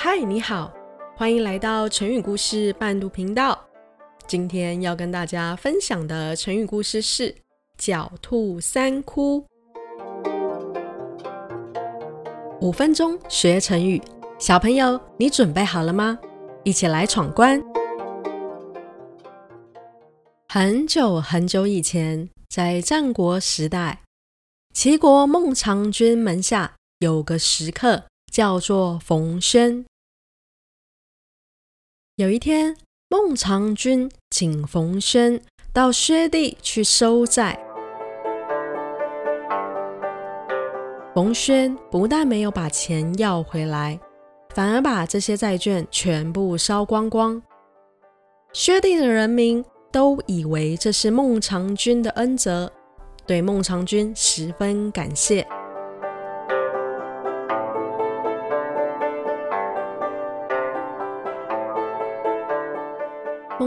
嗨，你好，歡迎來到成語故事伴讀頻道。今天要跟大家分享的成語故事是“狡兔三窟”。五分鐘學成語，小朋友，你準備好了嗎？一起來闖關。很久很久以前，在戰國時代，齊國孟嘗君門下有個食客，叫做馮諼。有一天，孟嘗君請馮諼到薛地去收債。馮諼不但沒有把錢要回來，反而把這些債券全部燒光光。薛地的人民都以為這是孟嘗君的恩澤，對孟嘗君十分感謝。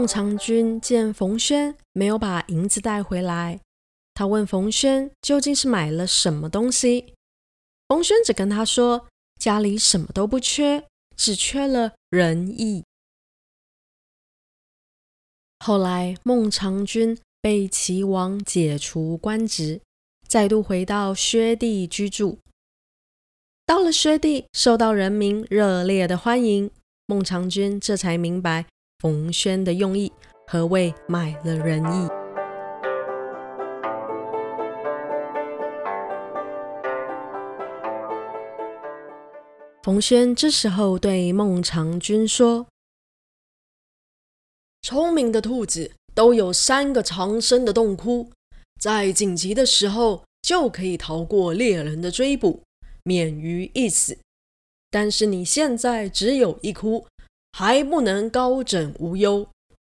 孟嘗君見馮諼沒有把銀子帶回來，他問馮諼究竟是買了什麼東西。馮諼只跟他說：“家裡什麼都不缺，只缺了仁義。”後來孟嘗君被齊王解除官職，再度回到薛地居住。到了薛地，受到人民熱烈的歡迎。孟嘗君這才明白。馮諼的用意，何謂買了仁義？意馮諼這時候對孟嘗君說：“聰明的兔子都有三個藏身的洞窟，在緊急的時候就可以逃過獵人的追捕，免於一死。但是你現在只有一窟。”還不能高枕無憂，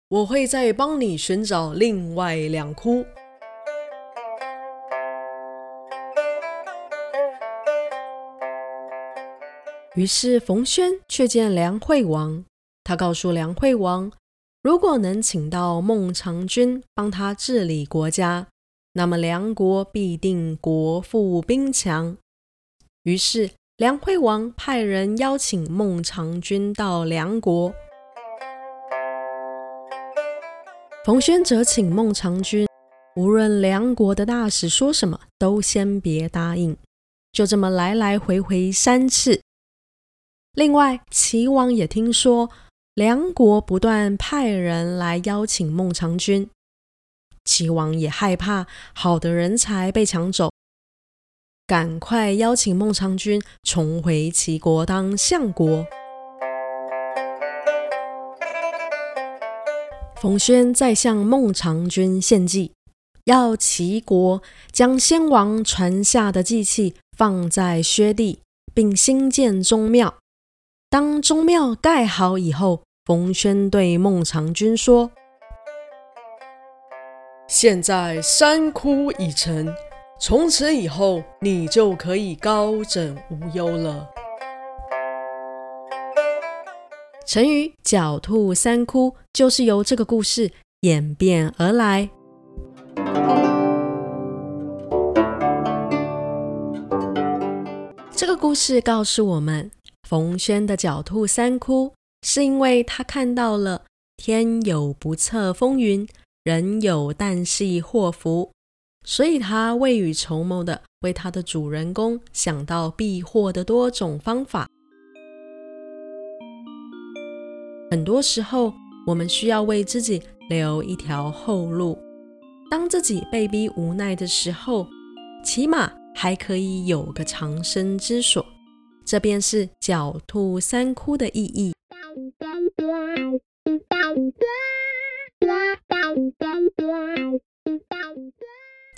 我會再幫你尋找另外兩窟。於是馮諼去見梁惠王，他告訴梁惠王，如果能請到孟嘗君幫他治理國家，那麼梁國必定國富兵強。於是。梁惠王派人邀請孟嘗君到梁國。馮諼則請孟嘗君，無論梁國的大使說什麼，都先別答應，就這麼來來回回三次。另外，齊王也聽說梁國不斷派人來邀請孟嘗君，齊王也害怕好的人才被搶走。趕快邀請孟嘗君重回齊國當相國。馮諼再向孟嘗君獻計，要齊國將先王傳下的祭器放在薛地，並興建宗廟。當宗廟蓋好以後，馮諼對孟嘗君說：“現在三窟已成。”從此以後，你就可以高枕無憂了。成語“狡兔三窟”就是由這個故事演變而來。這個故事告訴我們，馮諼的“狡兔三窟”是因為他看到了天有不測風雲，人有旦夕禍福。所以他位，他未雨綢繆的為他的主人公想到避禍的多種方法。很多時候，我們需要為自己留一條後路。當自己被逼無奈的時候，起碼還可以有個藏身之所。這便是狡兔三窟的意義。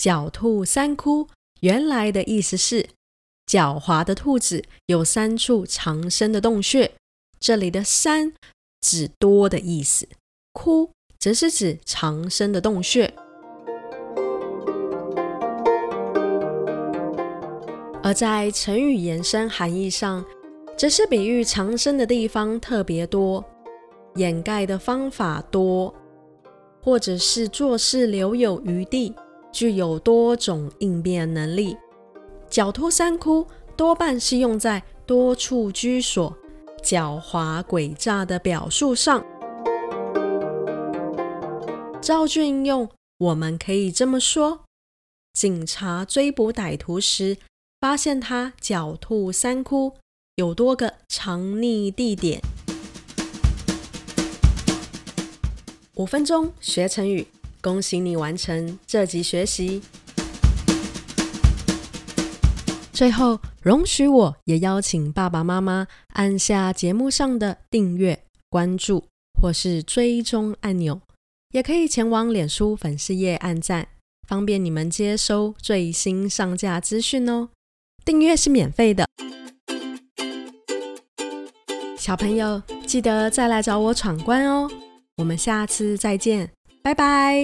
狡兔三窟，原來的意思是狡猾的兔子有三處藏身的洞穴。這裡的“三”指多的意思，“窟”則是指藏身的洞穴。而在成語延伸含義上，則是比喻藏身的地方特別多，掩蓋的方法多，或者是做事留有餘地。具有多種應變能力，狡兔三窟多半是用在多處居所、狡猾詭詐的表述上。造句應用，我們可以這麼說：警察追捕歹徒時，發現他狡兔三窟，有多個藏匿地點。五分鐘學成語。恭喜你完成這集學習。最後，容許我也邀請爸爸媽媽按下節目上的訂閱、關注或是追蹤按鈕，也可以前往臉書粉絲頁按讚，方便你們接收最新上架資訊哦。訂閱是免費的。小朋友記得再來找我闖關哦。我們下次再見，拜拜。